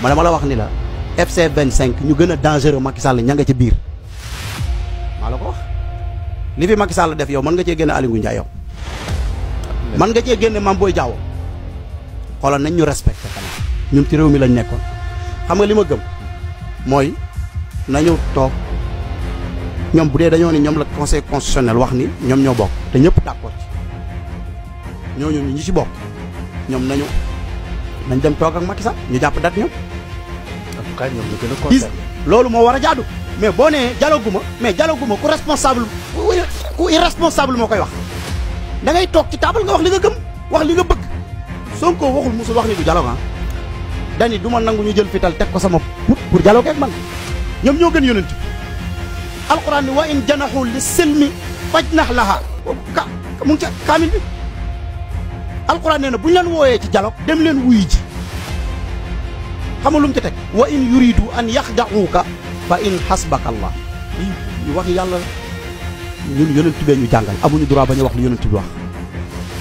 ma la wax ni la FC 25 ñu gën a dangereux Macky Sall ña nga ci biir maa la ko wax li fi Macky Sall def yow mën nga cee génne Aliou Ndiaye yow. mën nga cee génne Mame Boye Diao xoolal nañ ñu respecté xanaa ñun ci réew mi lañ nekkoon xam nga li ma gëm mooy nañu toog ñoom bu dee dañoo ni ñoom la conseil constitutionnel wax ni ñoom ñoo bokk te ñëpp d'accord ci ñooñu ñi ci bokk ñoom nañu nañ dem toog ak Macky Sall ñu jàpp dat ñoom. cas ñoom la gën a loolu moo war a jaadu mais boo nee dialogue ma mais dialogue ma ku responsable ku irresponsable moo koy wax da ngay toog ci taabal nga wax li nga gëm wax li nga bëgg Sonko waxul musul wax ni du dialogue ah. dani du nangu ñu jël fital teg ko sama put pour dialogue ak man ñoom ñoo gën yonent alquran ni wa in janaxu li silmi faj nax laha ka mu ngi ca kaamil bi alquran nee na bu ñu leen wooyee ci dialogue dem leen wuyu ji xamul nga lu mu ci wa in yuridu an yakhda'uka fa in hasbakallah allah wax yalla ñun yonent bee ñu jangal amuñu droit bañ wax lu yonent bi wax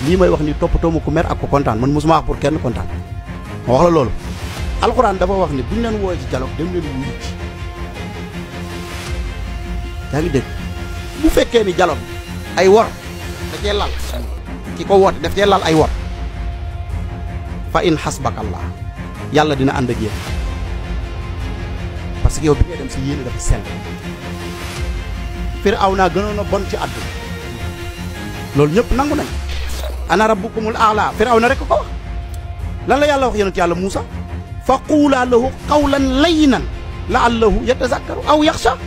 li may wax ni toppatoo mu ko mer ak ko contane man musuma wax pour kenn contane ma wax la lolu alxuraan dafa wax ni buñ len wo ci dialogue dem len wuyu ci yaa ngi bu fekke ni dialogue ay wor da ci lal ki ko woote daf lal ay wor fa in hasbakallah allah yàlla dina ànd ak yéen parce que yow bi ngay dem sa yéene dafa sell Firawna gënoon a bon ci àdduna loolu ñëpp nangu nañ ana rabbukumul aala Firawna rek ko wax lan la yàlla wax yonent yàlla Muusa fa quulaa lahu qawlan layyinan la'allahu yatazakkaru aw yaxsha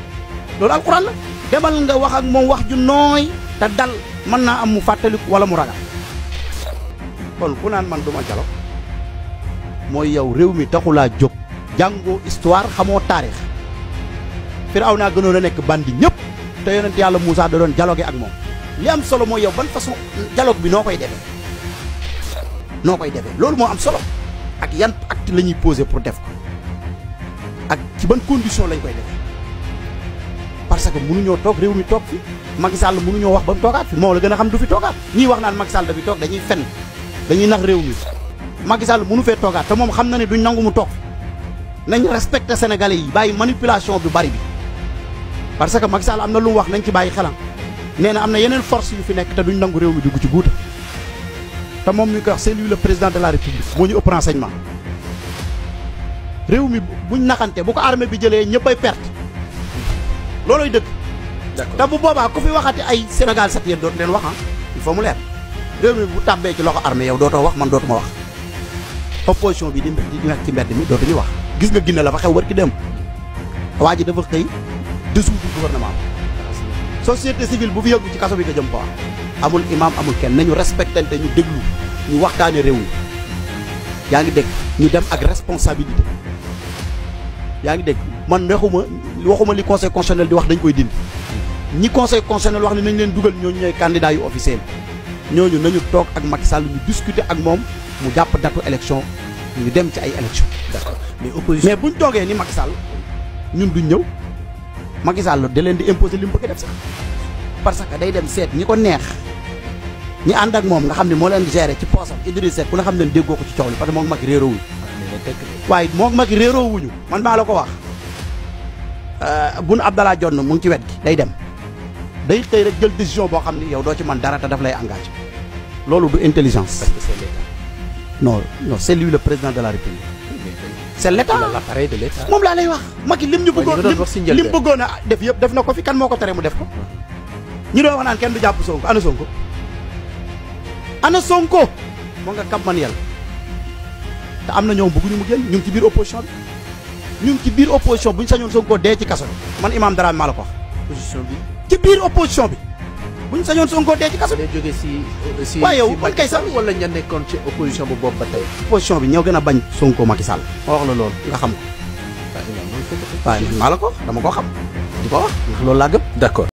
loolu alquran la demal nga wax ak moom wax ju nooy te dal mën naa am mu fàttaliku wala mu ragal kon ku naan man duma jalo mooy yow réew mi taxu laa jóg jàngoo histoire xamoo taarix firaw naa gënoon a nekk bandi ñëpp te yonent yàlla Moussa da doon dialogué ak moom li am solo mooy yow ban façon dialogue bi noo koy defee noo koy defe loolu moo am solo ak yan acte la ñuy posé pour def ko ak ci ban condition lañ koy defee parce que mënuñoo toog réew mi toog fi Macky Sall mënuñoo wax ba mu toogaat fi moo la gën a xam du fi toogaat ñii wax naan Macky Sall da toog dañuy fenn dañuy nax réew mi Macky Sall mënu fee toogaat te mom xam na ne duñ nangu mu tok nañ respecté sénégalais yi bayyi manipulation bu bari bi parce que Macky Sall amna lu wax nañ ci bayyi xelam na force yu fi nek te duñ nangu réew mi duggu ci guuta te mom mi ko wax c'est lui le président de la république moo ñu ëpp renseignement réew mi buñ naxante bu ko armée bi jëlé ñeppay perte loloy dëgg da bu boba ku fi waxati ay Sénégal sat yeen doot leen wax ah il faut mu leer réew mi bu també ci loxo armée yow doto wax man ma wax opposition bi di nekk ci mbedd mi dootuñu wax gis nga ginna la fa xew war ki dem waa ji dafa xëy dissoudre gouvernement société civile bu fi yëngu ci kaso bi nga jëm ko amul imam amul kenn nañu respecté te ñu déglu ñu waxtaane réew mi yaa ngi dégg ñu dem ak responsabilité yaa ngi dégg man waxuma waxuma li conseil constitutionnel di wax dañ koy dindi ñi conseil constitutionnel wax ne nañ leen dugal ñoo ñu ñooy candidat yu officiel ñooñu nañu toog ak Macky Sall ñu discuter ak moom mu jàpp datu élection ñu dem ci ay élection d'accord mais bu ñu toogee ni Macky Sall ñun du ñëw Macky Sall da leen di imposer li mu bëgg def sax parce que day dem seet ñi ko neex ñi ànd ak moom nga xam ne moo leen géré ci poosam Idrissa Seck ku nga xam leen déggoo ko ci coow li parce que moom Macky réeroowuñu waaye moom Macky réeroowuñu man maa la ko wax euh, bun Abdallah Dionne mu ngi ci wet gi day dem day xey rek jël décision bo xamni yow do ci man dara ta daf lay engager lolu du intelligence parce que c'est l'état non non c'est lui le président de la république c'est l'état l'appareil de l'état mom la lay wax maki lim ñu bëggoon lim bëggoon def yépp def na ko fi kan moko téré mu def ko ñu do wax naan kenn du japp sonko ana sonko ana sonko mo nga kam man yalla te amna ñoom bëggu ñu mu gën ñu ngi ci biir opposition bi ñu ngi ci biir opposition buñ sañoon sonko dé ci kasso man imam dara la ko wax position bi ci biir opposition bi buñ sañoon Sonko dee ci kaso bi. jóge si si waaye yow ba kay sax wala ña nekkoon ci opposition bu bopp ba tey. opposition bi ñoo gën a bañ Sonko Macky Sall. ma wax la loolu nga xam ko. waaye man ko dama ko xam di ko wax loolu laa gëm d'accord.